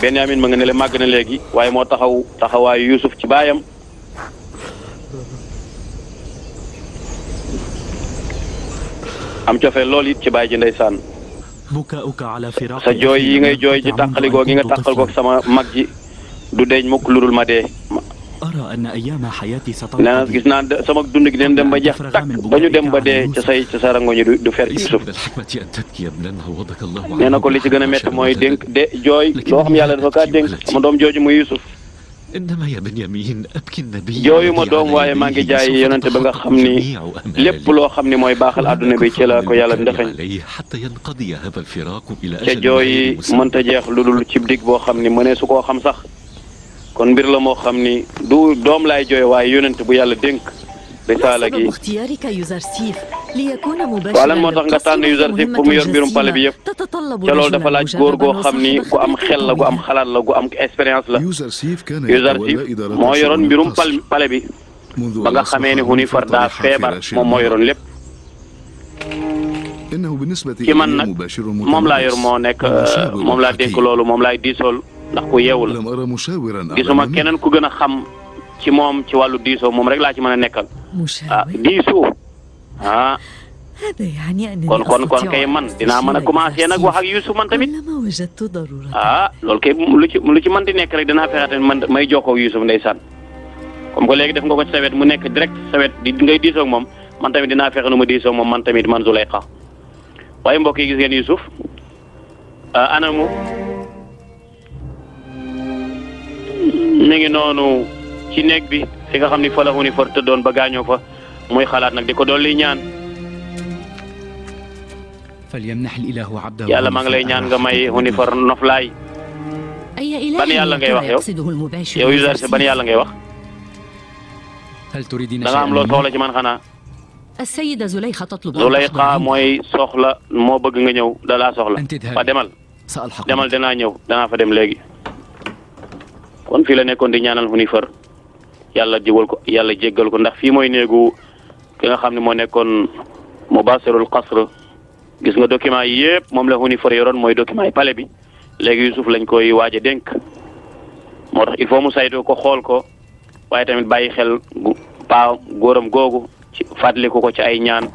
Benyamin ma nga ne màgg na léegi waaye moo taxaw taxawaayu Yuusuf ci baayam am cofee lool it ci baay ji ndeysaan sa jooy yi ngay jooy ji tàqaligoo gi nga tàqal koog sama mag ji du deeñ mukk lu dul ma dee أرى أن أيام حياتي ستنقضي nee gis naa sama dund gi dem dem ba jeex tàkk ba ñu dem ba dee ca say ca sa rango ñu du fer ci suuf nee ko li ci gën a métti mooy dénk de jooy loo xam yàlla dafa kaa dénk sama doom jooju muy Yusuf jooyu ma doom waaye maa ngi jaay yonente ba nga xam ni lépp loo xam ni mooy baaxal adduna bi ci la ko yàlla ndefeñ ca man ta jeex lu dul cib dig boo xam ni mënee su koo xam sax kon mbir la moo xam ni du doom laay jooy waaye yonent bu yàlla dénk risaala gi waaw moo tax nga tànn Yuzarsif pour mu yor mbirum pale bi yëpp ca loolu dafa laaj góor goo xam ni gu am xel la gu am xalaat la gu am expérience la Yuzarsif moo yoroon mbirum pal pale bi ba nga xamee ni Hunayfar daa feebar moom moo yoroon lépp ki man nag moom laa yor nekk moom laa dénk loolu moom laay diisool ndax ku yeewu la gisuma keneen ku gën a xam ci moom ci wàllu diisoo moom rek laa ci mën a nekkal ah diisoo ah kon kon kay man dinaa man a commencé nag wax ak Youssouf man tamit ah loolu kay lu ci lu ci mën di nekk rek dinaa fexe man may jokkoo ak Youssouf ndeysaan comme que léegi def nga ko ci sawet mu nekk direct sawet di ngay diisoo moom man tamit dinaa fexe nu ma diisoo moom man tamit man Zuleyxa waaye mbokk yi gis ngeen Youssouf ah, anamu mi ngi noonu ci néeg bi fi nga xam ni fa la unifor tëddoon ba gaañoo fa muy xalaat nag di ko doon liy ñaan. yàlla maa ngi lay ñaan nga may unifor noflaay. ban yàlla ngay wax yow yow Yuzaar si ban yàlla ngay wax. da nga am loo soxla ci man xanaa. Zulayxa mooy soxla moo bëgg nga ñëw da laa soxla. waa demal. demal danaa ñëw danaa fa dem léegi. kon fii la nekkoon di ñaanal Hunifar yàlla jégal ko yàlla jéggal ko ndax fii mooy néegu ki nga xam ne moo nekkoon Mubasirul Qasr gis nga document yi yëpp moom la Hunifar yoroon mooy document yi palais bi léegi Yusuf lañ koy waaj a dénk moo tax il faut mu saytu ko xool ko waaye tamit bàyyi xel paa góoram googu ci fàttaliku ko ci ay ñaan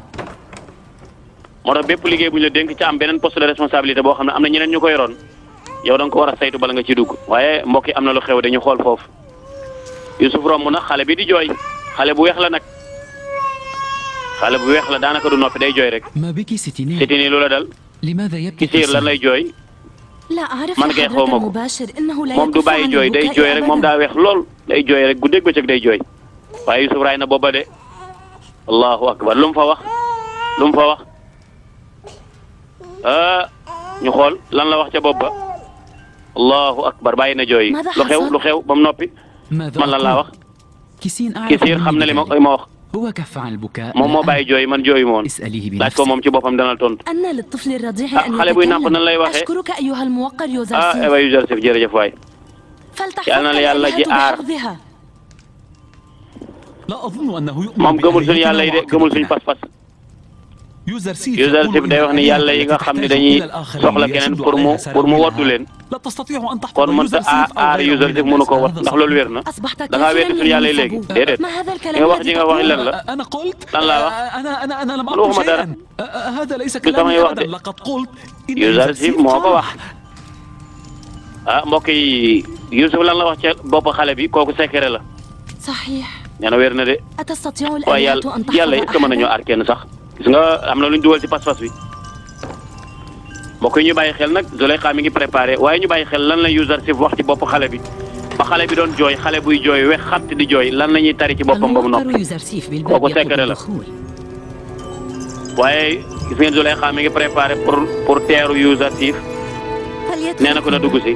moo tax bépp liggéey bu la dénk ca am beneen poste de responsabilité boo xam ne am na ñeneen ñu ko yoroon yow dan nga ko war a saytu bala nga ciy dugg waaye mbokk yi am na lu xew dañu xool foofu Yusuf romb na xale bi di jooy xale bu weex la nag xale bu weex la daanaka du noppi day jooy rek sitini lu la dal kisiir lan lay jooy man kay xaw ma ko moom du bàyyi jooy day jooy rek moom daa weex lool day jooy rek guddeeg bëccëg day jooy waaye Yusuf raay na booba de allahu akbar lu mu fa wax lu mu fa wax ah, ñu xool lan la wax ca bopp ba allahu akbar bàyyi na jooyi lu xew lu xew ba mu noppi man lan laa wax kisiir xam na li ma ma wax moom moo bàyyi jooyi man jooyi moon laaj ko moom ci boppam dana tontu ah xale buy nàmp nan lay waxee ah aywa Youssouf jërëjëf waay yal na la yàlla ji aar moom gëmul suñu yàlla yi de gëmul suñu pas-pas usership day wax ni yàlla yi nga xam ne dañuy soxla keneen pour mu pour mu wattu leen kon mënta aar aar usership mënu ko wat ndax loolu wér na da ngaa wér suñu yàlla yi léegi déedéet li nga wax ji nga wax lan la lan laa wax lu waxuma dara du samay wax de usership moo ko wax ah mbokk yi Youssouf lan la wax ca bopp xale bi kooku secret la. nee na wér na de waaye yàlla yàlla it mën nañoo aar kenn sax. gis nga am na lu ñu dugal ci pas-pas bi mbokk yi ñu bàyyi xel nag Zuleyxa mi ngi préparé waaye ñu bàyyi xel lan la user si wax ci bopp xale bi ba xale bi doon jooy xale buy jooy wex xatt di jooy lan la ñuy tari ci boppam ba mu noppi kooku secret la waaye gis ngeen Zuleyxa mi ngi préparé pour pour teeru user siif nee na ko na dugg si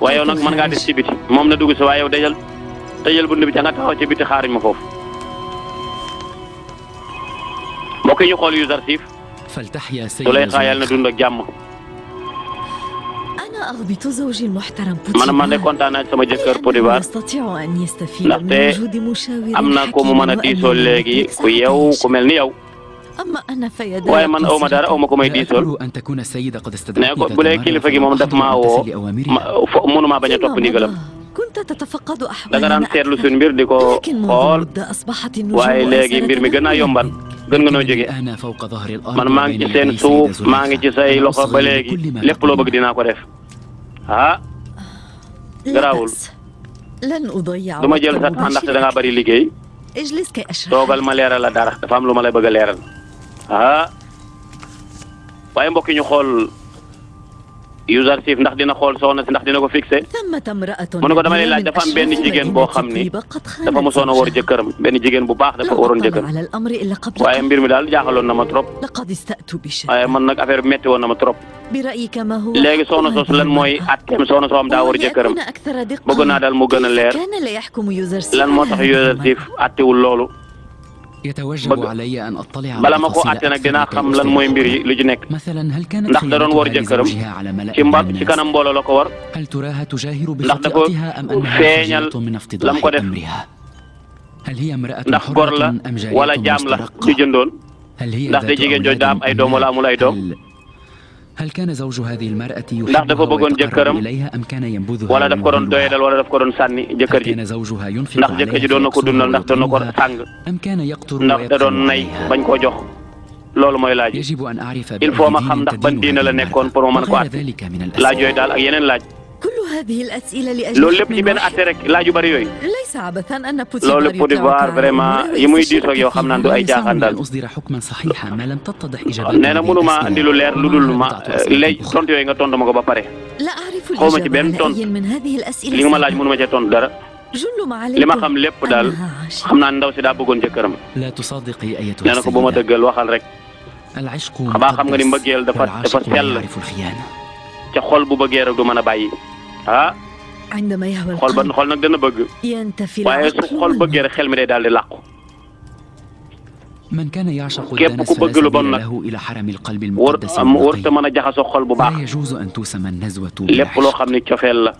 waaye yow nag mën ngaa des ci biti moom na dugg si waaye yow dajal dajal bunt bi ca nga taxaw ci biti xaariñ ma foofu mbokk yi ñu xool yu zarsif Suleyxa yàlla na dund ak jàmm. man man de kontaan naa sama jëkkër Côte d'Ivoire ndaxte am na ko mu mën a diisoo léegi ku yow ku mel ni yow. waaye man aw ma dara aw ma ko may diisool nee ko bu dee kilifa gi moom daf maa woo ma fo mënumaa bañ a topp ndigalam. da nga daan seetlu suñ mbir di ko xool waaye léegi mbir mi gën a yomban. gën nga noo jege man maa ngi ci seen suuf maa ngi ci say loxo ba léegi lépp loo bëgg dinaa ko def ah garaawul du ma jël sa temps ndaxte da ngaa bëri liggéey toogal ma leeral la dara dafa am lu ma lay bëgg a leeral ah waaye xool. user chief ndax dina xool soxna si ndax dina ko fixé mu ne ko dama lay laaj dafa am benn jigéen boo xam ni dafa mosoon a war jëkkëram benn jigéen bu baax dafa waroon jëkkër waaye mbir mi daal jaaxaloon na ma trop waaye man nag affaire bi métti woon na ma trop léegi soxna soosu lan mooy atteem soxna soo am daa war jëkkëram bëgg naa daal mu gën a leer lan moo tax user chief attewul loolu bëgg bala ma ko àtte nag dinaa xam lan mooy mbir yi lu ci nekk ndax da doon war jëkkëram ci mba ci kanam mbooloo la ko war ndax da ko feeñal la mu ko def ndax gor la wala jaam la ju jëndoon ndax da jigéen jooj daa am ay doom wala amul ay doom. هل كان زوج هذه المرأة يحبها ويتقرب إليها أم كان ينبذها ولا داف ko doon doyadal wala daf ko doon sànni jëkkër ji ndax jëkkër ji doon na ko dundal ndax doon na ko sàng ndax da doon nay bañ koo jox loolu mooy laaj il faut ma xam ndax ban diina la nekkoon pour ma mën ko at laaj yooyu daal ak yeneen laaj كل هذه الأسئلة لأجل loolu lépp ci benn atte rek laaj yu bari yooyu. ليس عبثا أن بوتيفار loolu Potifar vraiment yi muy diisoo ak yow xam naa du ay jaaxaan daal. nee na mënu maa andi lu leer lu dul ma léegi tontu yooyu nga tontu ma ko ba pare. xaw ma ci benn tontu li nga ma laaj mënu ma cee tontu dara. li ma xam lépp daal xam naa ndaw si daa bëggoon jëkkëram. nee na ko bu ma dëggal waxal rek. xabaa xam nga ni mbëggeel dafa dafa sell. ca xol bu bëggee rek du mën a bàyyi ah. xol ba xol nag dana bëgg. waaye su xol bëggee rek xel mi day daal di làqu. képp ku bëgg lu bon nag war warut mën a jaxasoo xol bu baax lépp loo xam ne cofeel la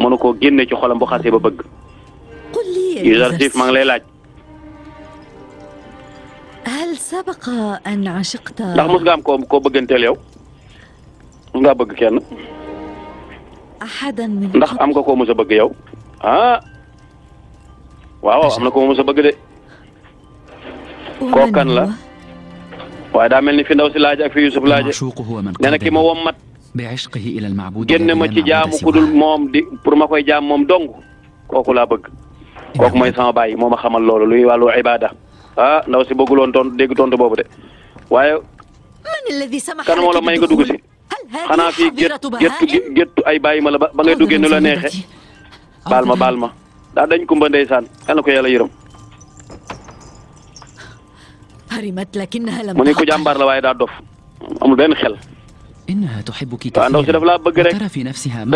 mënu koo génne ci xolam bu xasee ba bëgg. Yuzarsif maa ngi lay laaj. ndax mos nga am koo koo bëgganteel yow. ngaa bëgg kenn. ndax am nga ko mos bëgg yow. ah. waaw am na koo mos bëgg de. kooku kan la. waaye daa mel ni fi ndaw si laaj ak fi Yusuf laaje nee na ki ma wommat. génne ma ci jaamu kudul moom di pour ma koy jaam moom dong kooku laa bëgg. kooku mooy sama baay moo ma xamal loolu luy wàllu ibaada ah ndaw si bëgguloon tontu boobu de waaye. kan moo may nga xanaa fii gét gét géttu ay baay ma la ba ngay duggee nu la neexe baal ma baal ma daa dañ kumba ndeysaan yal na ko yàlla yërëm mu ne ko jàmbaar la waaye daa dof amul benn xel waaw ndaw si dafa laa bëgg rek da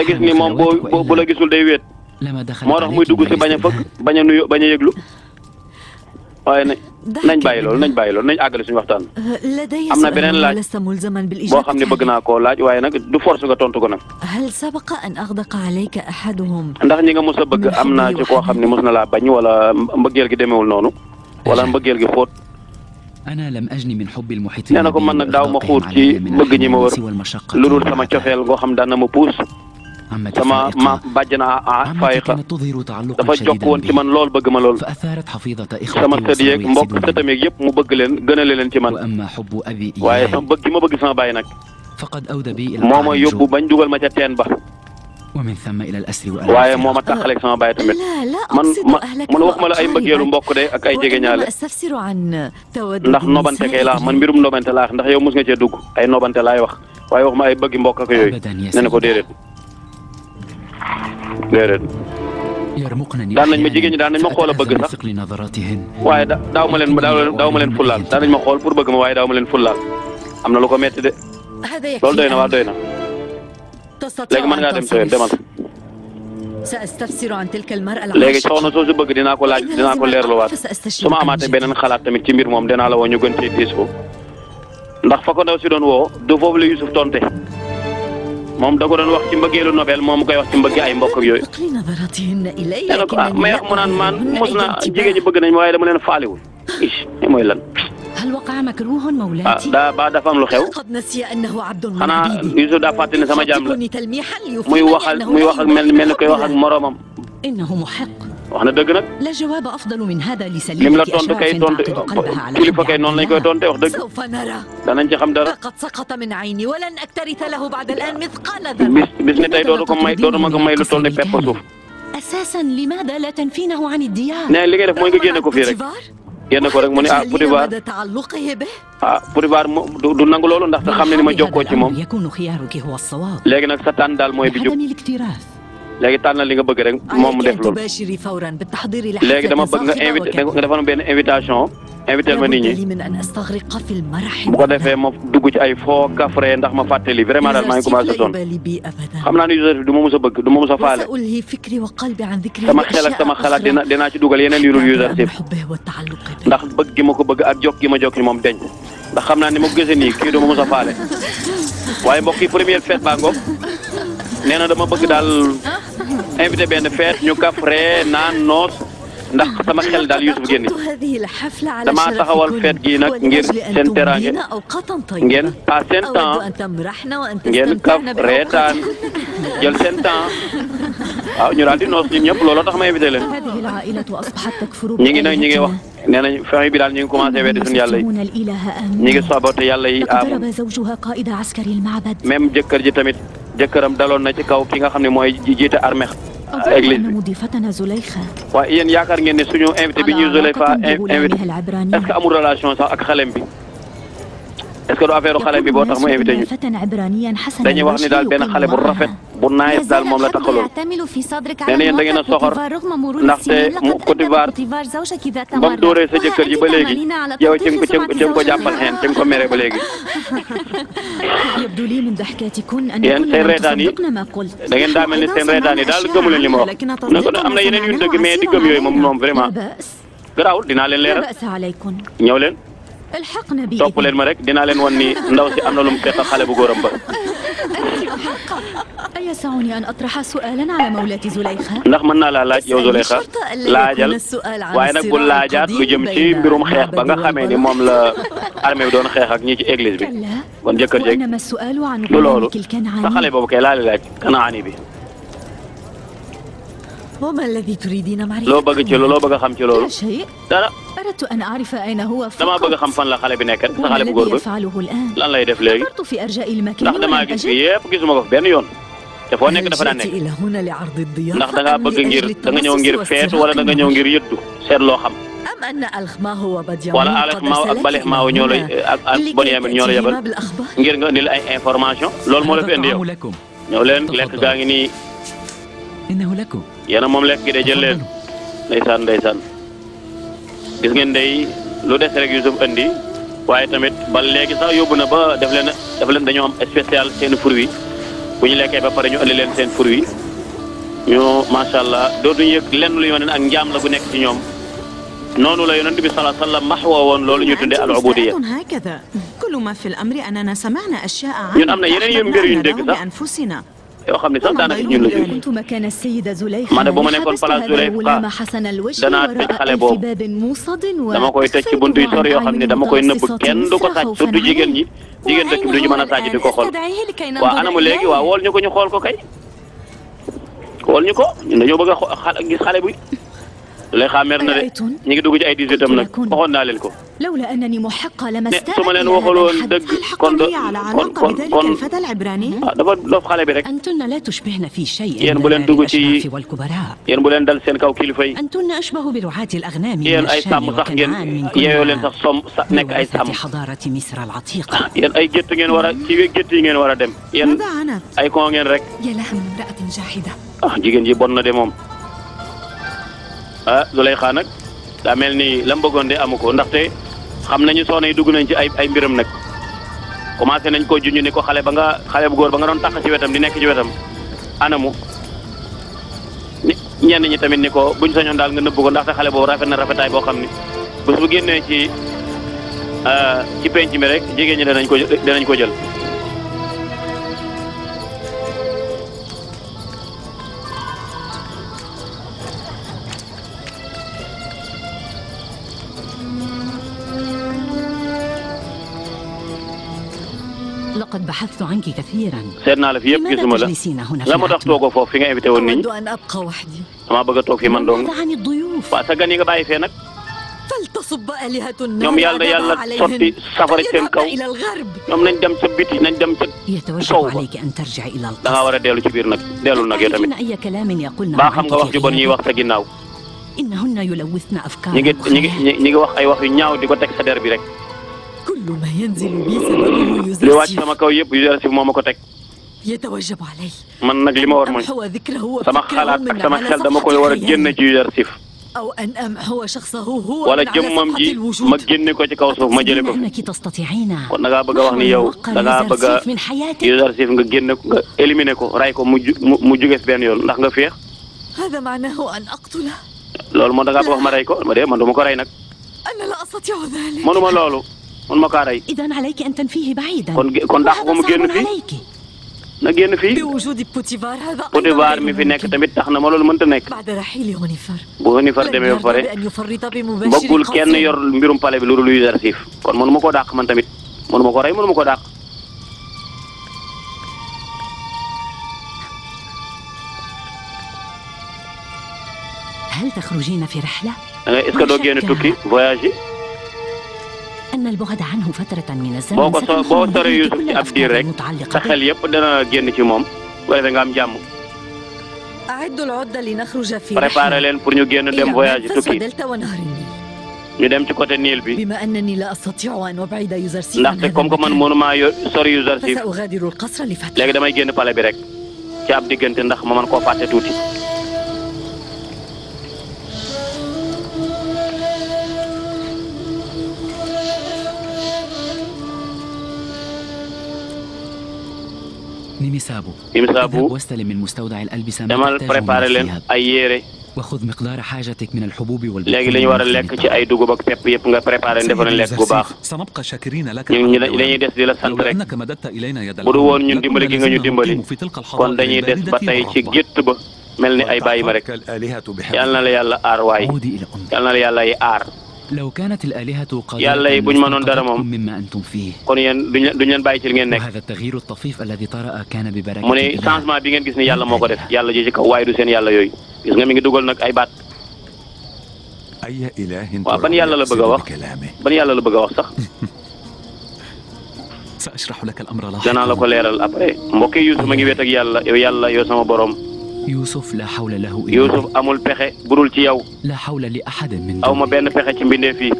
gis ni moom boo bu de gisul moo tax muy dugg si bañ a fëgg bañ waaye nañ bàyyi loolu nañ bàyyi loolu nañ àggale suñu waxtaan. Euh, am na beneen laaj boo xam ne bëgg naa ko laaj waaye nag du force nga tontu ko nag. ndax ñi nga mos a bëgg am naa ci koo xam ne mos na laa bañ wala mbëggeel gi demeewul noonu wala mbëggeel gi xóot. nee na ko man nag daaw ma xuur ci bëgg ñi ma wër lu dul sama cofeel goo xam daan na ma puus. sama ma bàjjana ah Fayiqa dafa jokk woon ci man lool bëgg ma lool sama sët yeeg mbokk sëtam yeeg yëpp mu bëgg leen gënale leen ci man waaye sama bëgg gi ma bëgg sama bàyyi nag moo ma yóbbu bañ dugal ma ca teen ba. waaye moo ma taxaleeg sama baay tamit man ma man waxuma la ay mbëggeelu mbokk de ak ay jegeñaale ndax nobante kay laa man mbirum nobante laa ndax yow mos nga cee dugg ay nobante laay wax waaye waxuma ay bëggi mbokk ak yooyu nee na ko déedéet. déedéet. daan na ma jigéen ñi daan nañ ma xool a bëgg sax waaye da daaw ma leen daaw ma leen fullaal daan nañ ma xool pour bëgg ma waaye daaw ma leen fullaal am na lu ko metti de loolu doy na waa doy na léegi mën ngaa dem sooy demal. léegi soxna soo si bëgg dinaa ko laaj dinaa ko leerluwaat su ma amaatee beneen xalaat tamit ci mbir moom dinaa la woo ñu gën cee diis ko ndax fa ko ndaw si woo du foofu la Youssouf tonte. moom da ko doon wax ci mbëggeelu Nobel moom mu koy wax ci mbëgg ay mbokk ak yooyu. nee na ko ah may wax mu naan maan mos na jigéen ñi bëgg nañ waaye dama leen faaliwul. ish li mooy lan. ah daa ba dafa am lu xew. xanaa Yusuf daa fàttali ne sama jaam la. muy waxal muy wax ak mel mel ni koy wax ak moroomam. wax na dëgg nag. lim la tontu kay tontu kilifa kay noonu lañ koy tonte wax dëgg. danañ ci xam dara. bis bis ni tey dootu ko may dootu ma ko may lu toll ni pepp suuf. nee li ngay def mooy nga génne ko fii rek. génne ko rek mu ne ah Poutivar ah Poutivar mu du nangu loolu ndax xam ne ni ma jokkoo ci moom. léegi nag sa tànn daal mooy bi jub. léegi tànnal li nga bëgg rek moom mu def loolu léegi dama bëgg nga invité nga defal benn invitation invité ma nit ñi bu ko defee ma dugg ci ay foo kafre ndax ma fàttali vraiment daal maa ngi commencé sonn xam naa ne Youssouf du ma mos a bëgg du ma mos a faale sama xel ak sama xalaat dina dinaa ci dugal yeneen yu dul Youssouf ndax bëgg gi ma ko bëgg ak jokk gi ma jokk moom denc ndax xam naa ne ma ko gisee nii kii du ma mos a faale waaye mbokk yi première fête baa ngoog nee na dama bëgg daal invité benn fête ñu kaf ree naan noos ndax sama xel daal Youssouf génne damaa taxawal fête gi nag ngir seen teraange ngeen paas seen temps ngeen kaf reetaan jël seen temps waaw ñu daal di noos ñun ñëpp looloo tax ma invité leen ñu ngi nag ñu ngi wax. nee nañ famille bi daal ñu ngi commencé weddi suñu yàlla yi ñu ngi saboté yi amu même jëkkër ji tamit jëkkëram daloon na ci kaw ki nga xam ne mooy jiite armée église bi waaye yéen yaakaar ngeen ne suñu invité bi ñuy Zuleyfa invité est-ce que amu relation sax ak xalem bi est-ce que du affaire xale bi boo tax mu invité ñu dañuy wax ni daal benn xale bu rafet bu naayis daal moom la taxaloon nee na yéen da ngeen a soxor ndaxte mu Kotivaar ba mu dóoree sa jëkkër ji ba léegi yow ci nga ko ci nga ko jàppal xeen ci nga ko mere ba léegi. yéen seen reetaan yi da ngeen daa mel ni seen reetaan yi daal gëmu leen li ma wax ne ko am na yeneen yu dëgg mais di gëm yooyu moom moom vraiment garaawul dinaa leen leeral ñëw leen. topp leen ma rek dinaa leen wan ni ndaw si am na lu mu fekk xale bu góoram ba. ndax mën naa laa laaj yow Zuleyxa laajal waaye nag bu laajaat lu jëm ci mbirum xeex ba nga xamee ni moom la armée bi doon xeex ak ñi ci église bi kon jëkkër jeeg du loolu sa xale boobu kay laa laaj kanaani bi. وما الذي تريدين معرفته؟ loo bëgg ci loolu loo bëgg a xam ci loolu. لا شيء. dara. أردت أن أعرف أين هو فقط. damaa bëgg a xam fan la xale bi nekk rek sa xale bu góor bi. lan lay def léegi. فكرت في أرجاء المكان. ndax damaa gis fii yëpp gisuma ko fi benn yoon. te foo nekk dafa daan nekk. ndax da ngaa bëgg ngir da nga ñëw ngir feet wala da nga ñëw ngir yëttu seet loo xam. wala alex maaw ak balex maaw ñoo lay ak ak bon yamin ñoo la yabal ngir nga indil ay information loolu moo la fi indi yow ñëw leen lekk gaa ngi nii yéen moom lekk gi de jël leen ndeysaan ndeysaan gis ngeen day lu des rek Youssouf andi waaye tamit ba léegi sax yóbbu na ba def leen def leen dañoo am spécial seen fur wi bu ñu lekkee ba pare ñu andi leen seen fur wi ñu macha allah dootuñu yëg lenn lu ñu wane ak njaam la gu nekk ci ñoom noonu la yonent bi sallallahu alayhi wa sallam maxwa woon loolu ñu tuddee al ubudiya ñun am na yeneen yu mbir yuñ dégg sax. yoo xam ne sax daanaka ñun la jógee ma ne bu ma nekkoon place Zuleyxa danaa tëj xale boobu dama koy tëj ci buntu yoo xam ne dama koy nëbb kenn du ko sàcc surtout ñi jigéen dëkk bi du ñu mën a sàcc xool waaw anamu léegi waaw wool ñu ko ñu xool ko kay wool ñu ko ñun dañoo bëgg a xale bi. lay xaar mer na de ñu ngi dugg ci ay 18 am nag waxoon naa leen ko. mais su ma leen waxal woon dëgg kon kon kon kon ah dafa loof xale bi rek. yéen bu leen dugg ci yéen bu leen dal seen kaw kilifa yi. yéen ay sàmm sax ngeen yeeyoo leen sax som sax nekk ay sàmm. Ah, yéen ay gétt ngeen war a ci gétt yi ngeen war a dem yéen ay ko ngeen rek. ah jigéen ji bon na de moom. ah Zuleyxa nag daa mel ni la mu bëggoon de amu ko ndaxte xam nañu soxna yi dugg nañ ci ay ay mbiram nag commencé nañ koo junj ni ko xale ba nga xale bu góor ba nga doon tax ci wetam di nekk ci wetam anamu ñenn ñi tamit ni ko buñ sañoon daal nga nëbb ko ndaxte xale boobu rafet na rafetaay boo xam ni bés bu génnee ci ah, ci penc mi rek jigéen ñi danañ ko danañ ko jël بحثت عنك كثيرا seet naa la fi yëpp gisuma la la ma tax toogoo foofu fi nga invité woon nit ñi damaa bëgg a toog fii man dong waaw sa gan yi nga bàyyi fee nag ñoom yàlla yàlla sotti safara ci seen kaw ñoom nañ dem ca biti nañ dem ca sow ba da ngaa war a dellu ci biir nag dellul nag yow tamit baa xam nga wax ju bon ñuy wax sa ginnaaw ñi ngi ñi ngi ñi ngi wax ay wax yu ñaaw di ko teg sa der bi rek كل ما ينزل بي سببه يزرسف li wàcc sama kaw yëpp Youssouf moom ma ko teg. يتوجب علي man nag li ma war mooy sama xalaat ak sama xel dama koy war a génne ci Youssouf. أو أن أمحو شخصه هو wala jëmmam ma génne ko ci kaw suuf ma jëlee ko fi kon da ngaa bëgg a wax ni yow da ngaa bëgg a nga génne ko nga éliminer ko ray ko mu mu juge fi benn yoon nga féex. هذا معناه أن أقتله. loolu moo da ngaa bëgg wax ma ray ko ma dee man du ma ko ray nag. أنا لا أستطيع ذلك. mënuma loolu. mun ma kaa rey. idan alayki an tanfihi baidan. kon kon dàq ko mu génn fii na génn fii. Potifar mi fi nekk tamit tax na ma loolu mënta nekk. bu Hunifar demee ba pare bëggul kenn yor mbirum pale bi lu dul Yuzarsif kon mënu ma koo dàq man tamit mënu ma ko rey mënu ma ko dàq. hal taxrujiina fi rihla. est-ce que doo génn tukki voyage yi. أن البعد عنه فترة من الزمن boo ko soo boo sore Yuusuf ci ab diir rek sa xel yëpp dana génn ci moom bu defee nga am jàmm. préparé leen pour ñu génn dem voyage tukki. ñu dem ci côté Niil bi ndaxte comme que man mënuma sori Yuusuf léegi damay génn pale bi rek ci ab diggante ndax ma mën koo fàtte tuuti. imsaabu demal préparé leen ay yére léegi li ñu war a lekk ci ay dugub ak pepp yëpp nga préparé leen defal leen lekk bu baax ñun ñu dañuy des di la sant rek bu du woon ñun dimbali gi nga ñu dimbali kon dañuy des ba tey ci gétt ba mel ni ay bàyyi ma rek yal na la yàlla aar waay yal na la yàlla yi aar. yàlla yi bu ñu mënoon dara moom kon yéen duñ duñ leen bàyyi ci li ngeen nekk mu ne changement bi ngeen gis ni yàlla moo ko def yàlla ji ci kaw waaye du seen yàlla yooyu gis nga mi ngi dugal nag ay baat waaw ban yàlla la bëgg a wax ban yàlla la bëgg a wax sax danaa la ko leeral après mbokk yi Yuusuf ma ngi wet ak yàlla yow yàlla yow sama borom. Youssouf la xawla lahu illa amul pexe budul ci yow. la xawla li axadin min aw ma benn pexe ci mbindeef yi.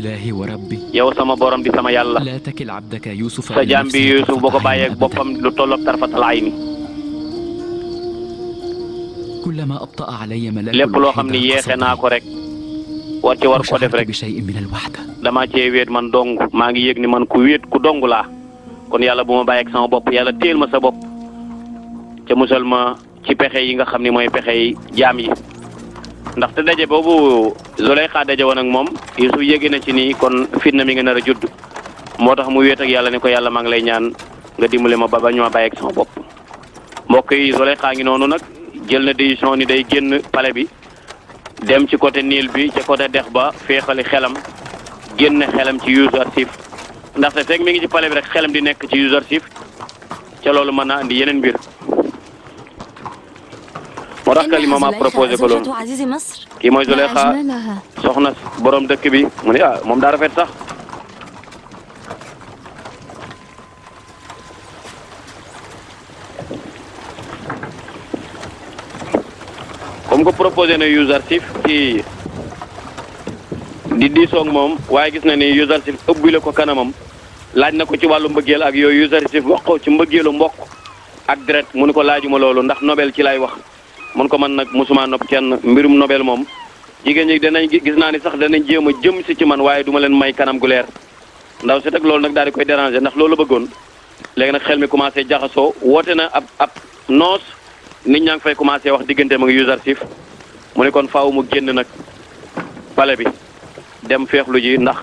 ilaahi wa rabbi. yow sama borom di sama yàlla. laa takil abdaka Youssouf. sa ko bàyyeeg boppam lu toll ak tarfatal ayni. kullama abtaa alayya malakul lépp loo xam ne yeexe naa ko rek. war ci war ko def rek. damaa cee wéet man dong maa ngi yëg ni man ku wéet ku dong la kon yàlla bu ma bàyyeeg sama bopp yàlla téel ma sa bopp. ca musal ma ci pexe yi nga xam ni mooy pexey jaam yi ndaxte daje boobu Zuleyxa daje woon ak moom Yuusuf yéege na ci nii kon fitna mi nga nar a judd moo tax mu wéet ak yàlla ni ko yàlla maa ngi lay ñaan nga dimbale ma ba ba ñu ma bàyyi ak bopp mbokk yi Zuleyxa ngi noonu nag jël na décision ni day génn pale bi dem ci côté niil bi ca côté dex ba féexali xelam génn xelam ci Yuusuf ndaxte fekk mi ngi ci pale bi rek xelam di nekk ci Yuusuf ca loolu mën naa andi yeneen mbir moo tax kalima ma proposé ko loolu kii mooy Zuleyxa ah, soxna boroom dëkk bi mu ne ah moom daa rafet sax. comme ko proposé na Yuusuf ci di diisoog moom waaye gis na ni Yuusuf ëbbi la ko kanamam laaj na ko ci wàllu mbëggeel ak yooyu Yuusuf wax ko ci mbëggeelu mbokk ak deret mu ne ko laajuma loolu ndax nobel ci lay wax. mun ko man nag mosuma nopp kenn mbirum nobel moom jigéen ñi danañ gis naa ni sax danañ jéem a jëm ci man waaye duma leen may kanam gu leer ndaw si teg loolu nag daal di koy déranger ndax loolu la bëggoon léegi nag xel mi commencé jaxasoo woote na ab ab noos nit ñaa ngi fay commencé wax diggante ma ngi usar siif mu ne kon faaw mu génn nag pale bi dem feexlu ji ndax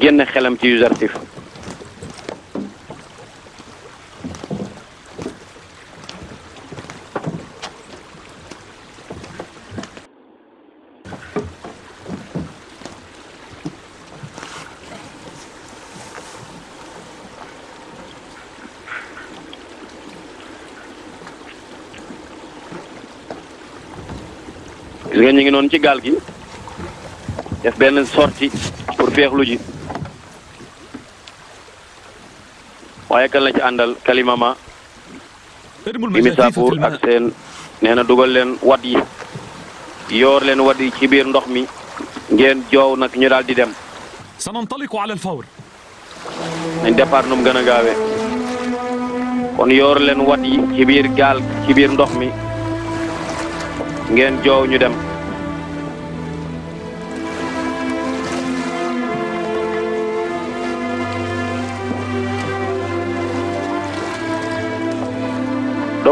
génn xelam ci usar siif gis ñu ngi noonu ci gaal gi def benn sortie pour feexlu ji waaye kan la ci àndal kalimama Imi Sapour ak seen nee na dugal leen wat yi yoor leen wat yi ci biir ndox mi ngeen joow nag ñu daal di dem sanantaliqu ala alfawr nañ départ nu mu gën a gaawee kon yoor leen wat yi ci biir gaal ci biir ndox mi ngeen joow ñu dem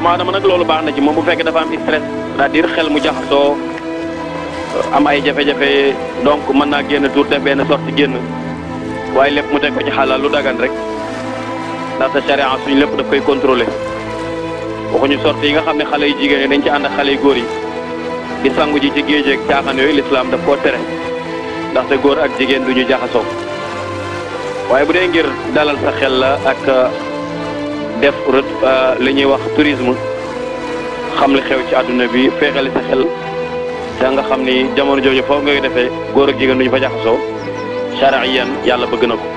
da aadama nag loolu baax na ci moom bu fekkee dafa am stress c'est-à-dire xel mu jaxasoo euh, am ay jafe-jafe donc mën naa génn tuur def benn sorti génn waaye lépp mu teg ko ci lu dagan rek ndax sa charia suñ lépp daf koy contrôler waxuñu sorti yi nga xam ne xale yu jigéen yi dañ ci ànd ak xale yu góor yi di sangu ji ci géej ak caaxaan yooyu lislaam daf koo tere ndaxte góor ak jigéen du ñu jaxasoo waaye bu dee ngir dalal sa xel def euh, li ñuy wax tourisme xam li xew ci àdduna bi féexali sa xel da nga xam ni jamono jooju foofu ngay defee góor ak jigéen duñu fa jaxasoo shariyan yàlla bëgg na ko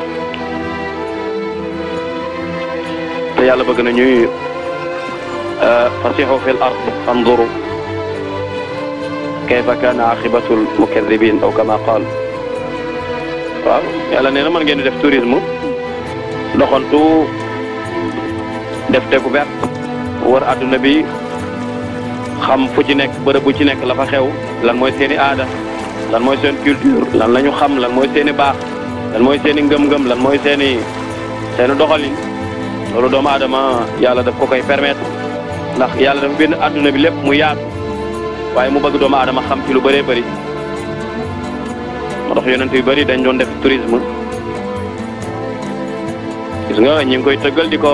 te yàlla bëgg na ñuy euh, fasixu fi l ard fanduru kayfa kaana aqibatul mukadibin aw kama qaal waaw yàlla nee na mën def tourisme doxantu def découverte war adduna bi xam fu ci nekk bërëb bu ci nekk la xew lan mooy seeni i aada lan mooy seen culture lan la ñu xam lan mooy seen baax lan mooy seen ngëm-ngëm lan mooy seeni i seen i doxalin loolu doomu aadama yàlla daf ko koy permettre ndax yàlla dafa bind adduna bi lépp mu yaatu waaye mu bëgg doomu aadama xam ci lu bëree bëri moo tax yonent yu dañ doon def tourisme gis nga ñi ngi koy tëggal di ko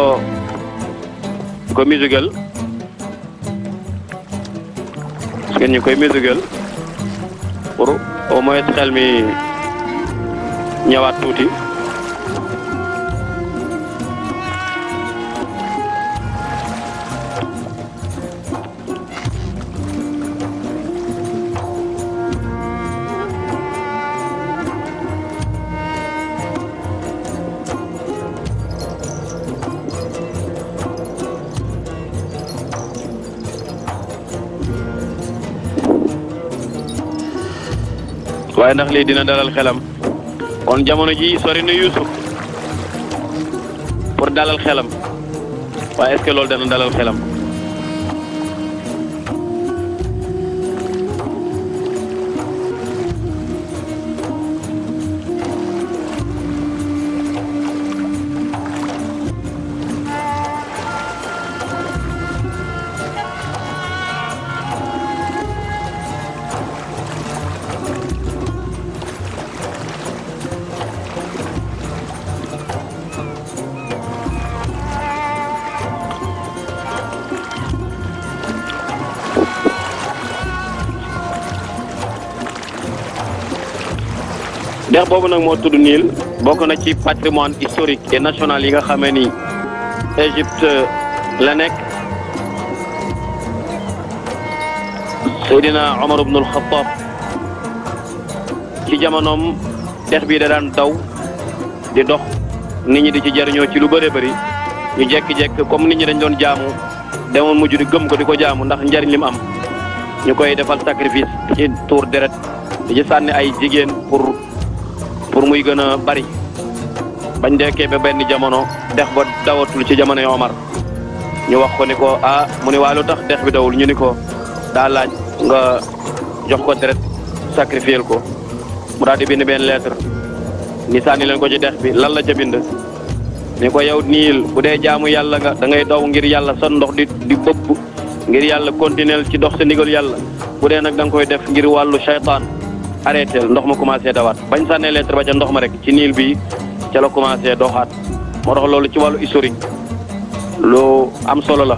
ko musical ñu koy musical pour au moins xel mi ñëwaat tuuti waaye ndax lii dina dalal xelam kon jamono ji sori na Yuusuf pour dalal xelam waaye est-ce que dana dalal xelam dex boobu nag moo tudd Niil bokk na ci patrimoine historique e nationale yi nga xamee ni Égypte euh, la nekk Seydina Omar ibnul Xattaab ci jamonoom dex bii da daan daw di dox ni ñi di ci jariñoo ci lu bëree bari ñu jekki-jekk comme nit ñi dañ doon jaamu demoon mujj di gëm ko di ko jaamu ndax njariñ li am ñu koy defal sacrifice ci tuur deret di ci sànni ay jigéen pour muy gën a bari bañ dekkee ba benn jamono dex ba dawatul ci jamono Omar ñu wax ko ni ko ah mu ni waa lu tax dex bi dawul ñu ni ko daa laaj nga jox ko deret sacrifier ko mu daal di bind benn lettre ni sànni leen ko ci dex bi lan la ca bind ni ko yow niil bu dee jaamu yàlla nga da ngay daw ngir yàlla san ndox di di bëpp ngir yàlla continuer ci dox sa ndigal yàlla bu dee nag da koy def ngir wàllu shaytaan arrêté ndox ma commencé dawaat bañ sànnee lettre ba a ndox ma rek ci niil bi ca la commencé doxaat moo tax loolu ci wàllu historique lu am solo la.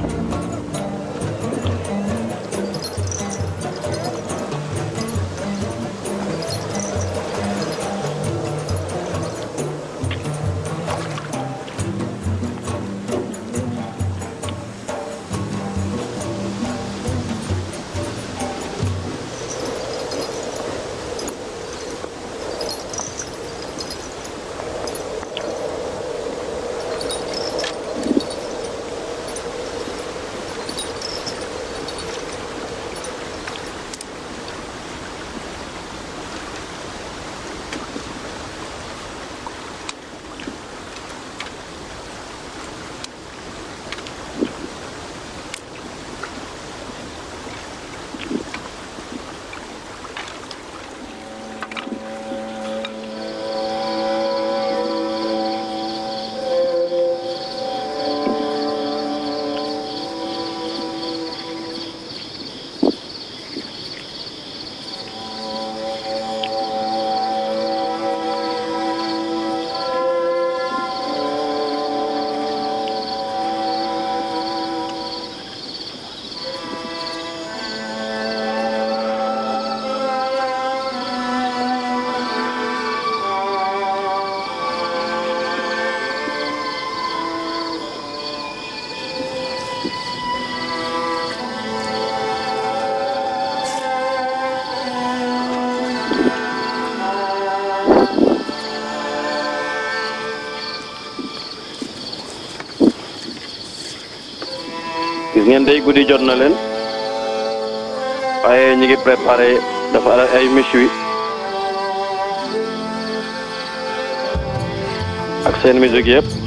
yéen day guddi jot na leen waaye ñu ngi ay méchoui ak seen musique yëpp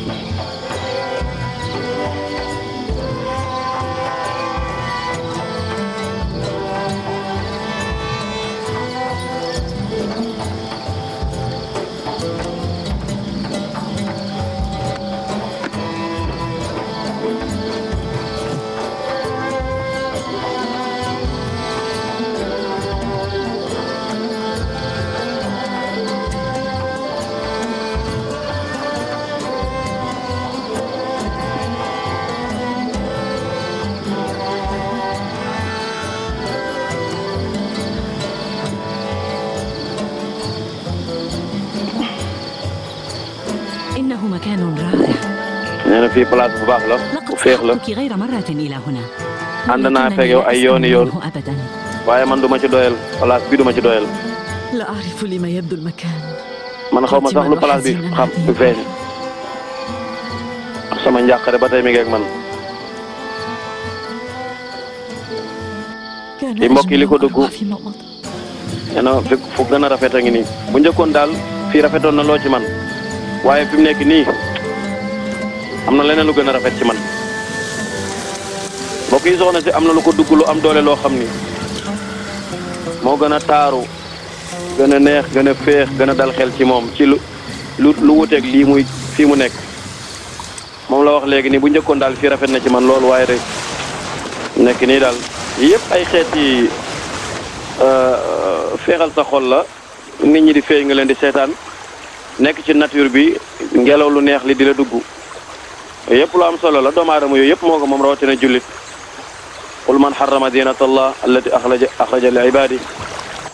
مكان رائع place bu baax la bu feex la ànd naa fekk yow ay yooni yoon waaye man du ma ci doyal place bi du ma ci doyal man xaw ma sax lu place bi xam du feeñ sama njàqare ba tey mi ngi ak man li mbokk yi li ko dugg nee na fu gën a rafet a ngi bu njëkkoon daal fii rafetoon na loo ci man waaye fi mu nekk nii am na leneen lu gën a rafet ci man mbokk yi soxna si am na lu ko dugg lu am doole loo xam ni moo gën a taaru gën a neex gën a féex gën dal xel ci moom ci lu lu lu lii muy fii mu nekk moom la wax léegi nii bu njëkkoon daal fi rafet na ci man loolu waaye rek nekk nii daal yépp ay xeeti euh, feexal sa xol la nit ñi di feey nga leen di seetaan nekk ci nature bi ngelaw lu neex li dila la dugg yëpp lu am solo la doomu aadama yooyu yëpp moo ko moom rawatina jullit qul man xarama zinata allah allati axraja axraja li ibadi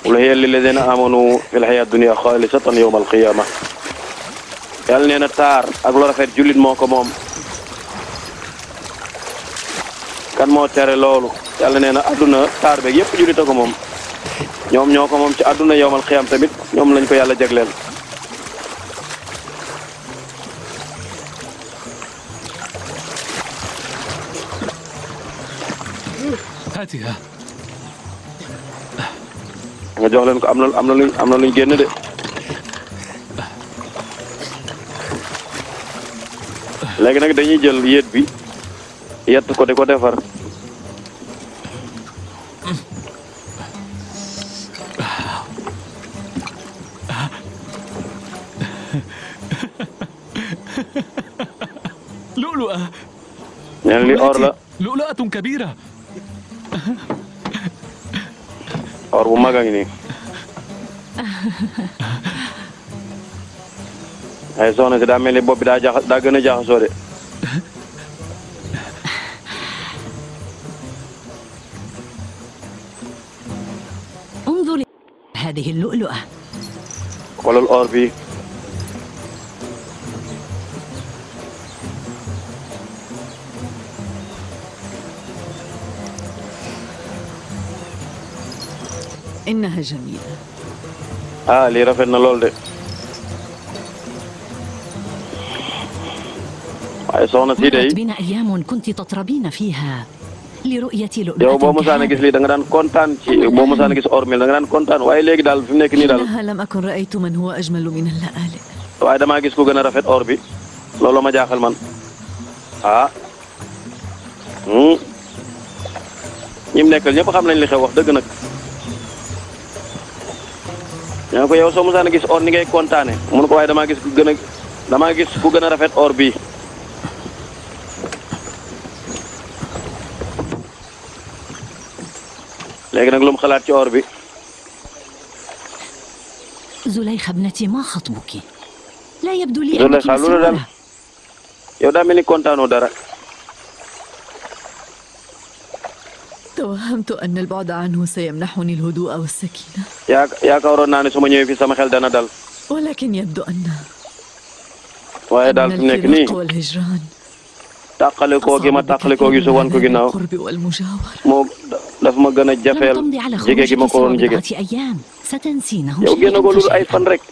qul hiya lilladina amanu fi lxayaat taar ak lu rafet jullit moo ko moom kan moo tere loolu yàlla nee na adduna taar beeg yëpp jullit moom ñoom ñoo ko moom ci adduna yowmal xiyam tamit ñoom lañ ko yàlla jagleel Ah. nga jox leen ko am na am na luñ am na luñ génn de. léegi nag dañuy jël yéet bi yett ko di ko defar. loolu. Ah. nee na li or la. loolu ah. atun kabira or bu mag a ngi nii. ay soxna si daa mel ni bopp bi daa jax daa gën a jaxasoo de. xoolal or bi. innaha jamila ah lii rafet na lool de waaye soxna si day bina ayyaamun kunti tatrabina fiha liruyati lu'lu'atin yow boo mosaan a gis lii da daan kontaan ci boo mosaan a gis ormil da nga daan kontaan waaye léegi daal fi nekk nii daal lam akun ra'aytu man huwa ajmalu min al-laali waaye damaa gis ku gën a rafet or bi ma jaaxal man ah hmm. ñi mu nekkal ñëpp xam nañ li xew wax dëgg nag nee ko yow soo mosaan a gis or ni ngay kontaane mun waaye damaa gis ku gën a damaa gis ku gën a rafet or bii léegi nag lu xalaat ci or bi Zulaykha ibnati ma xatbuki la yabdu daal yow daa mel ni kontaanoo dara توهمت أن البعد عنه سيمنحني الهدوء والسكينة يا يا كورون ناني سما ñëwee fi sama xel dana dal ولكن يبدو أن waaye daal fi mu nekk nii والهجران tàqale koo gi ma tàqale koo gi su wan ko ginnaaw moo daf ma gën a jafeel jege gi ma ko woon jege yow génn ko lul ay fan rek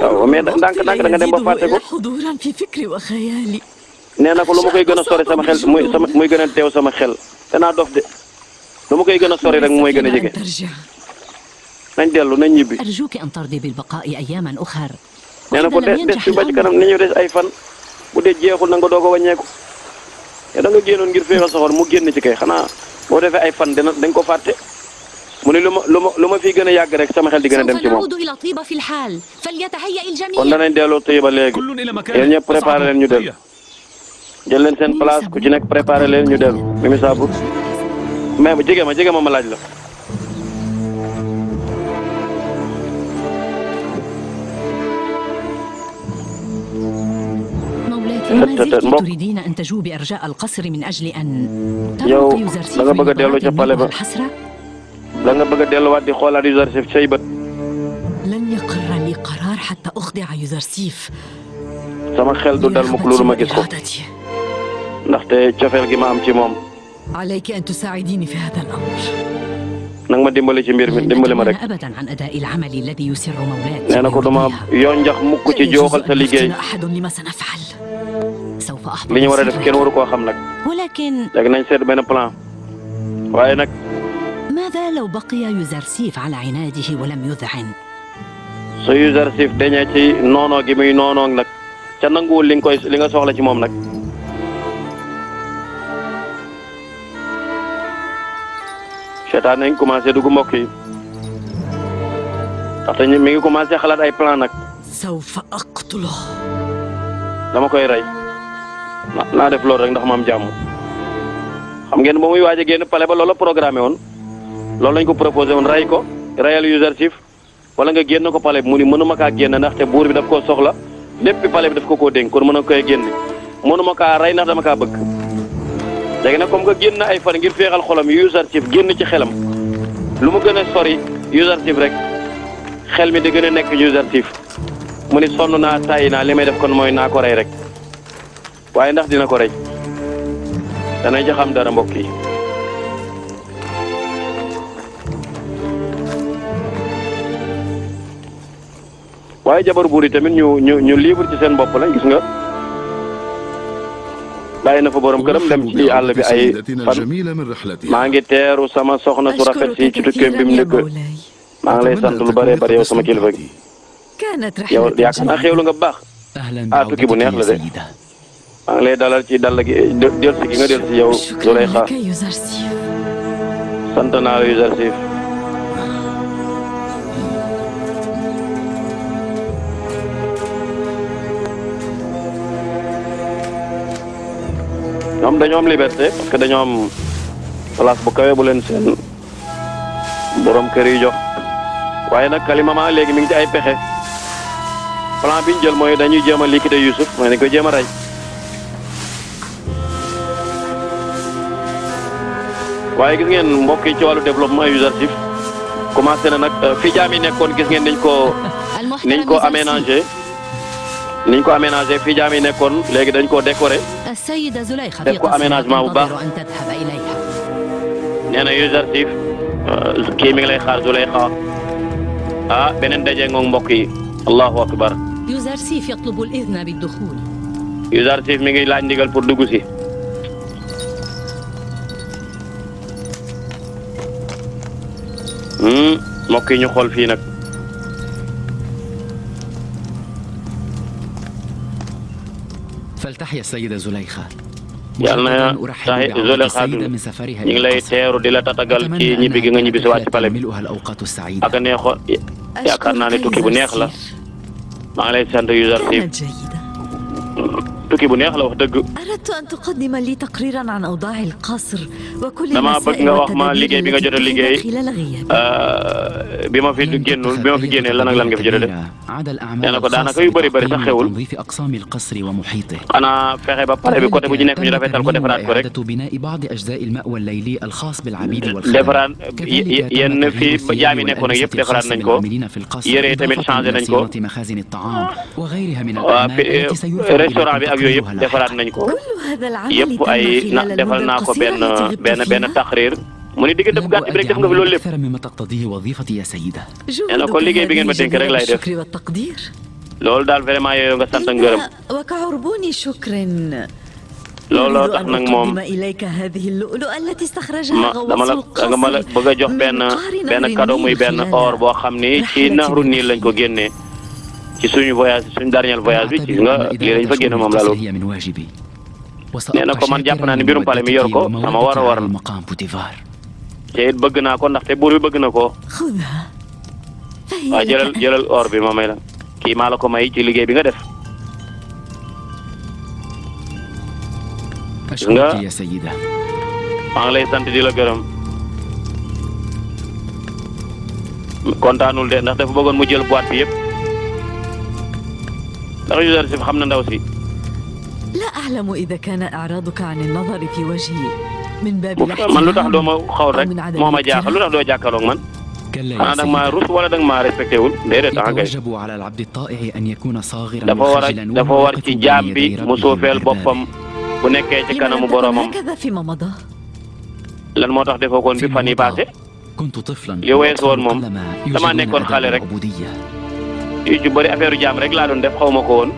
waaw mais ndànk ndànk da nga dem ba fàtte ko nee na ko lu ma koy gën a sori sama xel muy sama muy gën a teew sama xel danaa dof de. lu ma koy gën a sori rek mooy gën a jege nañ dellu nañ ñibbi nee na ko des des fi ba ci kanam ni ñu des ay fan bu dee jeexul na nga doog a wàññeeku te da nga génnoon ngir feebar soxor mu génn ci kay xanaa boo defee ay fan dina dañ ko fàtte mu ne lu ma lu ma lu ma fiy gën a yàgg rek sama xel di gën a dem ci moom kon danañ delloo Tiiba léegi yéen ñëpp préparé leen ñu dellu jël leen seen place ku ci nekk leen ñu dellu Mimi Sabour mais ma jege ma jege ma ma laaj la. mbokk yow da nga bëgg a dellu ca pale ba da nga bëgg a delluwaat di xoolaat Yuzarsif say bët. sama xel du dal mukk loolu ma gis ko ndaxte cofeel gi ma am ci moom. عليك أن تساعديني في هذا الأمر nanga ma dimbali ci mbir mi dimbali ma rek nee na ko duma yoon njax mukk ci jooxal sa liggéey li ñu war a def kenn waru koo xam nag léegi nañ seet benn plan waaye nag su Yuzarsif dañee ci noonoo gi muy noonoog nag ca nanguwul li nga koy li nga soxla ci moom nag seetaan nañ commencé dugg mbokk yi ndaxte mi ngi commencé xalaat ay plan nag. sawfa aqtulu dama koy rey. naa def loolu rek ndax ma am jàmm. xam ngeen ba muy waaj a génn pale ba loola la programmé woon loolu lañ ko proposé woon rey ko reyal user chief wala nga génn ko pale bi mu ni mënuma kaa génn ndaxte buur bi daf koo soxla lépp pale bi daf ko koo dénk kon mën a koy génn mënuma kaa rey ndax dama kaa bëgg. léegi na comme que génn na ay far ngir féexal xolam usership génn ci xelam lu mu gën a sori usership rek xel mi da gën a nekk usership mu ni sonn naa tàyyi naa li may def kon mooy naa ko rey rek waaye ndax dina ko rey danañ jaxam dara mbokk yi. waaye jabar buur yi tamit ñu ñu ñu libre ci seen bopp la gis nga. bàyyi na fa borom këram dem ci àll bi ay fan maa ngi teeru sama soxna su rafet si ci tukkeem bi mu nekk maa ngi lay sant lu bëree bëri yow sama kilifa gi yow yaakaar naa xéwlu nga baax ah tukki bu neex la de maa ngi lay dalal ci dall gi delsi gi nga delsi yow Zuleyxa sant naa la Yuusuf ñoom dañoo am liberté parce que dañoo am place bu kawe bu leen seen borom kër yi jox waaye nag Kalimama léegi mi ngi ci ay pexe plan bi ñu jël mooy dañuy jéem a liquider Youssouf mooy dañ koy jéem a rey. waaye gis ngeen mbokk yi ci wàllu développement usatif commencé na nag euh, fi jaam yi nekkoon gis ngeen niñ ko niñ ko aménagé. niñ ko aménagé fii jaam nekkoon léegi dañ koo décoré. def ko aménagement bu baax nee na Youssouf kii mi ngi lay xaar Zulayxa ah beneen daje ngoog mbokk yi allahu akbar. Youssouf yatlubu al-idna bid-dukhul. mi ngi laaj ndigal pour dugg si. Hmm, mbokk yi ñu xool fii nag. يحيى السيدة زليخة yàlla na tax Zuleyxa ñu ngi lay teeru di la tatagal ci ñibbi gi nga ñibbi si waat ci pale bi ak neexo yaakaar naa ne tukki bu neex la maa ngi lay sant Youssouf tukki bu neex la wax dëgg. damaa bëgg nga wax ma liggéey bi nga jot a liggéey bi ma fi génnul bi ma fi génnee lan ak lan nga fi jot a def. nee na ko daanaka yu bëri bëri sax xewul. xanaa fexe ba pare bi côté bu ci nekk ñu rafetal ko defaraat ko rek. defaraat yenn fii ba jaam yi nekkoon ak yëpp defaraat nañ ko yére tamit changé nañ ko. waa restaurant bi ak yooyu. yooyu yëpp defaraat nañ ko yëpp ay na defal naa ko benn benn benn taxriir mu ni diggante bu gàtt bi rek def nga fi loolu lépp nee na ko liggéey bi ngeen ma dénk rek laay def loolu daal vraiment yooyu nga sant ak ngërëm looloo tax nag moom ma dama la dama la bëgg a jox benn benn cadeau muy benn or boo xam ni ci naxru niil lañ ko génnee. ci suñu voyage suñu dernier ah, voyage bi gis nga lii lañ fa génn moom laalu nee na ko man jàpp naa ne mbirum pale mi yor ko sama war a war la te it bëgg naa ko ndaxte buur bi bëgg na ko waaw jëlal or bi ma may la kii maa la ko may ci liggéey bi nga def gis nga maa lay sant di la gërëm kontaanul de ndax dafa bëggoon mu jël boîte bi yëpp. ndax Youssouf xam na ndaw si. la a'lamu idha kana i'raduka 'an an-nazar fi wajhi min bab man lu tax doo ma xaw rek moo ma jaaxal lu tax doo jàkkaarloog man. xanaa da nga maa rus wala da nga maa respecté wul déedéet ah kay. dafa war a dafa war ci jaam bi mu suufeel boppam bu nekkee ci kanamu boromam. lan moo tax defoo koon bi fan yii paase. li weesu woon moom damaa nekkoon xale rek. yu ci bëri affaire jaam rek laa doon def xaw ma ko woon.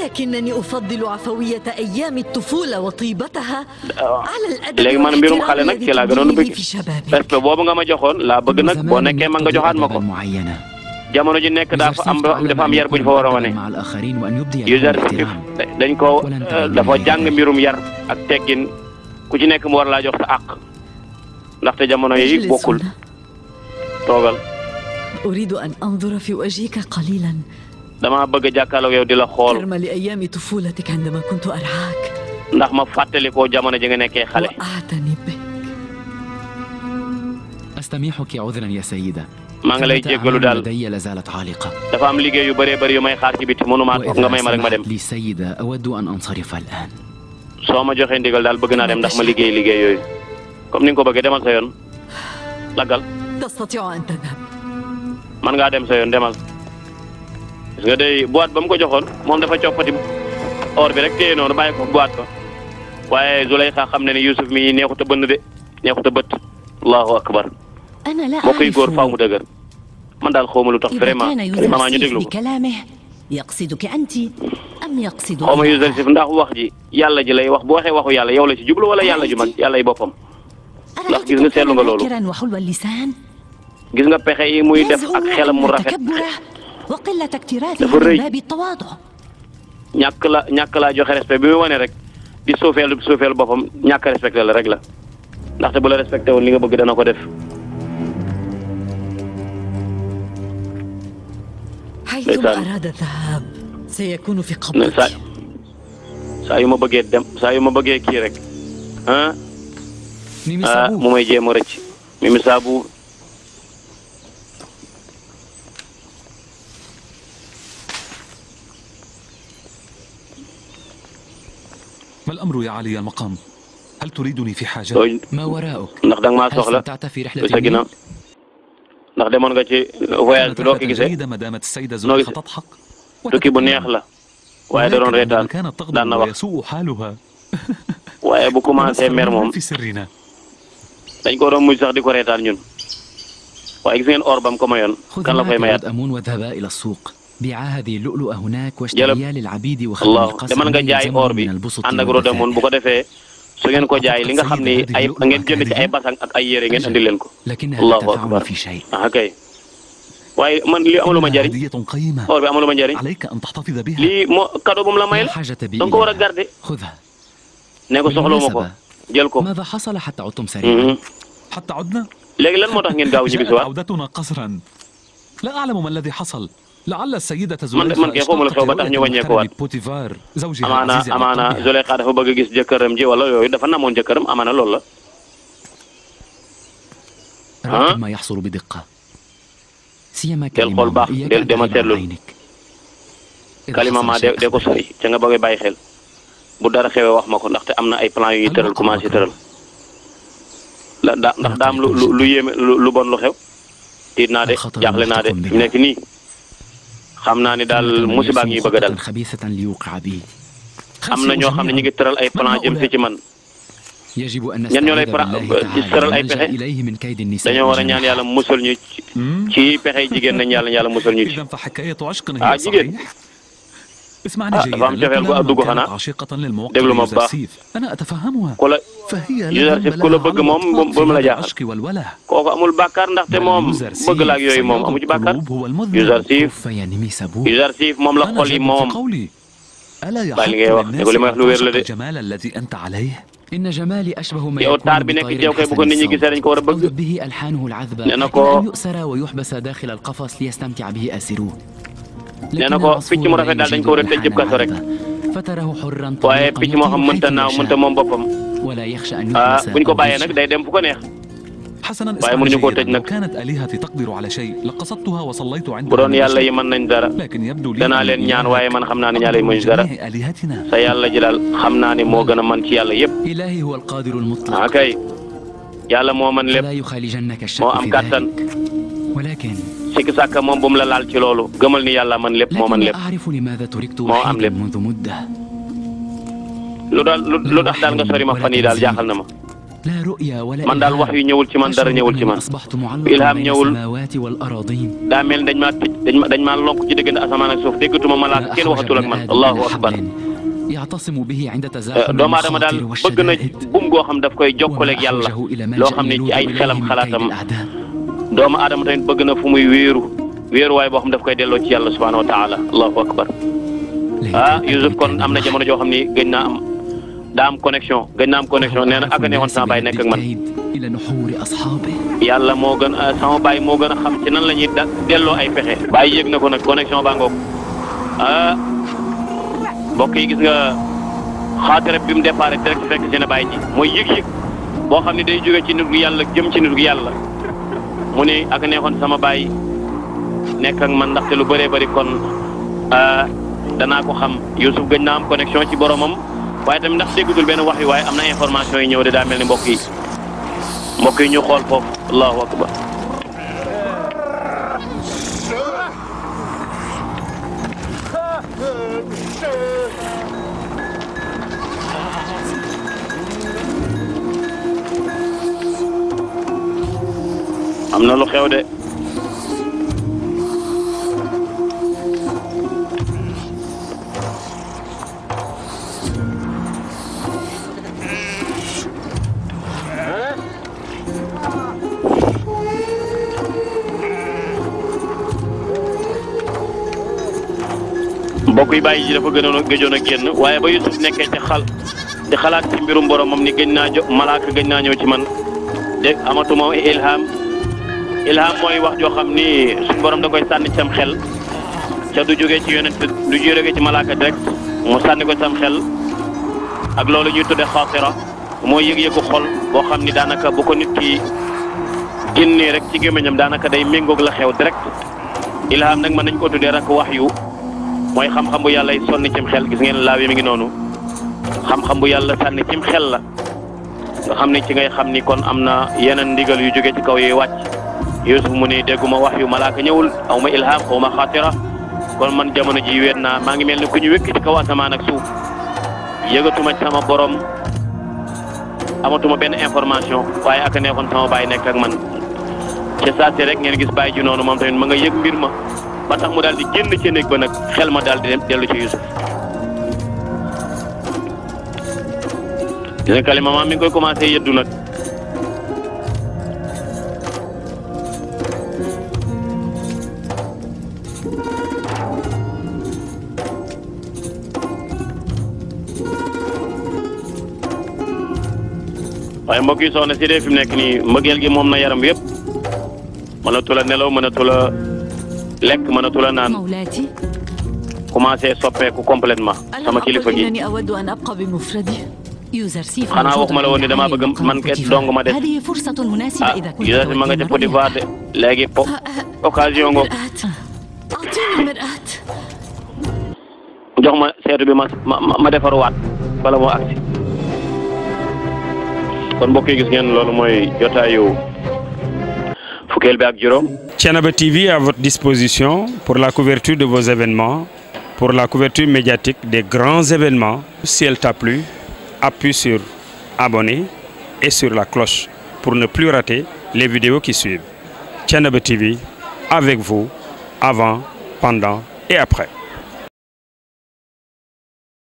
lakinnani ufaddilu afawiyata ayyaami tufula wa tiibataha ala al-adab léegi man mbirum xale nag ci laa gënoon bëgg respect boobu nga ma joxoon laa bëgg nag boo nekkee ma nga joxaat ma ko. jamono ji nekk daa fa am am yar bu ñu fa war a wane user sportif dañ ko dafa jàng mbirum yar ak teggin ku ci nekk mu war laa jox sa àq ndaxte jamono yi bokkul toogal. أريد أن أنظر في وجهك قليلا dama bëgg a jàkkaarloo yow di la xool. ترمى لأيام طفولتك عندما كنت أرعاك. ndax ma fàttalikoo jamono ji nga nekkee xale. وأعتني بك. أستميحك عذرا يا سيدة. maa ngi lay jéggalu daal dafa am liggéey yu bëree bëri yu may xaar ci biti mënumaa toog nga may ma rek ma dem. soo ma joxee ndigal daal bëgg naa dem ndax ma liggéey liggéey yooyu comme ni nga ko bëggee demal sa yoon laggal. man ngaa dem sa yoon demal gis nga day boîte ba mu ko joxoon moom dafa coppati or bi rek téye noonu bàyyi ko boîte ba waaye Zulayxa xam ne ne Yuusuf mi neexut a bënn de neexut a bët allahu akbar moo koy góor faaw mu dëgër man daal xawma lu tax vraiment maman ñu déglu ko xaw ma Yuusuf ndax wax ji yàlla ji lay wax boo waxee waxu yàlla yow la ci jublu wala yàlla ji mag yàlla yi boppam ndax gis nga seetlu nga loolu gis nga pexe yi muy def ak xelam mu rafet dafa rëy ñàkk la ñàkk laa joxe respect bi muy wane rek di suufeel suufeel boppam ñàkk respecté la rek la ndaxte bu la respecté woon li nga bëgg dana ko def saa saa yu ma bëggee dem saa yu ma bëggee kii rek ah, ah mu may jéem a rëcc mi misaabu ما الأمر يا علي المقام هل تريدني في حاجة ما وراءك ndax danga maa soxla sa ginnaaw ndax demoon nga ci voyage bi loo ko gisee noo gisee tukki bu neex la waaye da doon reetaan daan na wax waaye bu commencé mer moom dañ ko doon mujj sax di ko reetaan ñun waaye gis ngeen or bam ko mayoon kan la koy mayaat bi'a hadhihi al-lu'lu'a hunak washtariya lil 'abid wa khadam al-qasam demal nga jaay or bi ànd ak rodamoon bu ko defee su ngeen ko jaay li nga xam ne ay ngeen jënd ci ay basang ak ay yére ngeen andi leen ko allahu akbar ah kay waaye man lii amuluma njariñ or bi amuluma njariñ lii moo cadeau bu mu la may la danga ko war a garder ne ko soxlawuma ko jël ko léegi lan moo tax ngeen gaaw ñibbisiwaat man kay xamul xew a tax ñu wàññeekuwaat amaana amaana Zuleyxa dafa bëgg a gis jëkkëram ji wala yooyu dafa namoon jëkkëram amaana loolu la. ah del xool baax del dema seetlu kalima ma de ko sori ca nga bëgg bàyyi xel bu dara xewee wax ma ko ndaxte am na ay plan yu tëral commencé tëral la ndax daam lu lu lu bon lu xew tiit naa de jaaxle naa de nekk nii. xam naa ni daal musiba ngi bëgg a dal am na ñoo xam ne ñu ngi tëral ay plan jëm si ci man ñan ñoo lay pra ci tëral ay pexe dañoo war a ñaan yàlla musal ñu ci hmm? pexe jigéen nañ yàlla yàlla musal ñu ci ah jigéen. اسمعني آه جيدا لكن أنا كانت عشيقة للموقع يوزرسيف أنا أتفهمها فهي لها بلا في العشق والوله kooku amul bàkkaar ndaxte moom bëgg la ak yooyu moom amu ci bàkkaar Yuzarsif Yuzarsif moom la xol yi moom bàyyi li ngay wax dégg li may wax lu wér la de yow taar bi nekk ci yow kay bu ko nit ñi gisee dañ ko war a bëgg nee na ko. nee na ko picc mu rafet daal dañ ko war a tëj jëb kaso rek waaye picc moo xam mënta naaw mënta moom boppam ah buñ ko bàyyee nag day dem fu ko neex. waaye mënuñu koo tëj nag bu doon yàlla yi mën nañ dara danaa leen ñaan waaye man xam naa ne yàlla yi mënuñ dara sa yàlla ji daal xam naa ne moo gën a mën ci yàlla yëpp ah kay yàlla moo mën lépp moo am kàttan. sikki sàkka moom bu mu la laal ci loolu gëmal ni yàlla man lépp moo man lépp moo am lépp lu daal lu tax daal nga sori ma fan yi daal jaaxal na ma man daal wax yu ñëwul ci man dara ñëwul ci man ilham ñëwul daa mel dañ maa tëj dañ ma dañ maa lonk ci diggante asamaan ak suuf déggatuma malaaka kenn waxatul ak man allahu akbar eh, doomu aadama daal bëgg na bum goo xam daf koy jokkaleeg yàlla loo xam ne ci ay xelam xalaatam doomu aadama tamit bëgg na fu muy wéeru wéeruwaay boo xam daf koy delloo ci yàlla subhaanahu wa taala allahu akbar ah Youssouf kon am na jamono joo xam ni gëj naa am daam am connexion gëj naa am connexion nee na ak a neexoon sama baay nekk ak man yàlla moo gën a sama moo gën a xam ci nan la da delloo ay pexe. baay yëg na ko nag connexion ba ngoog ah mbokk yi gis nga xaatira bi mu départ direct fekk seen baay ji mooy yëg-yëg boo xam ne day jóge ci nit gu yàlla jëm ci nit gu yàlla. mu ni ak neexoon sama baay nekk ak man ndaxte lu bëree bari kon ah, danaa ko xam Youssouf gëj naa am connexion ci boromam waaye tamit ndax déggutul benn wax yi waaye am na information yi ñëw de daa mel ni mbokk yi mbokk yi ñu xool foofu allahu akbar am na lu xew de mbokk yi bàyyi ji dafa gënoon a gëjoon waaye ba Yusuf nekkee ci xal xalaat ci mbirum boromam ni gëj naa jo malaaka gëj naa ñëw ci man dégg amatuma ilham ilham mooy wax joo xam ni suñu borom da koy sànni sam xel ca du jógee ci yonent du jógee ci malaaka direct moo sànni ko sam xel ak loolu ñuy tudde xaatira mooy yëg-yëgu xool boo xam ni daanaka bu ko nit ki génnee rek ci gémmiñam daanaka day méngoog la xew direct ilham nag ma nañ ko tuddee rek wax yu mooy xam-xam bu yàlla yi sonni cim xel gis ngeen laaw yi mi ngi noonu xam-xam bu yàlla sànni cim xel la nga xam ni ci ngay xam ni kon am na yeneen ndigal yu jóge ci kaw yuy wàcc Yusuf mu ne wax yu malaaka ñëwul aw ma ilham aw kon man jamono ji weet naa maa ngi mel ni ku ñu wékki ci kaw asamaan suuf yëgatuma ci sama benn information waaye ak a neexoon rek ngeen gis baay ji noonu moom tamit ma nga yëg mbir ma ba mu daal di génn ci néeg ba nag xel ma daal di dem dellu ci Yusuf dina kalima maam mi koy commencé yëddu waaye mbokk yi soxna si dee fi nekk nii mbëggeel gi moom na yaram yëpp mënatul a nelaw mënatul a lekk mënatul a naan commencé soppeeku complètement sama kilifa gi xanaa waxuma la woon ni damaa man ke dong ma des ah Yuda si ma nga ca Côte d'Ivoire de léegi po ah, ah, ah, occasion ngoog jox ma seetu bi ma ma ma defaruwaat bala moo kon mbokk yi gis ngeen loolu mooy jotaayu fukkeel bi ak juróom. Thiénaba TV à votre disposition pour la couverture de vos événements pour la couverture médiatique des grands événements. Si elle t'a plu, appuie sur abonner et sur la cloche pour ne plus rater les vidéos qui suivent. Thiénaba TV avec vous avant, pendant et après.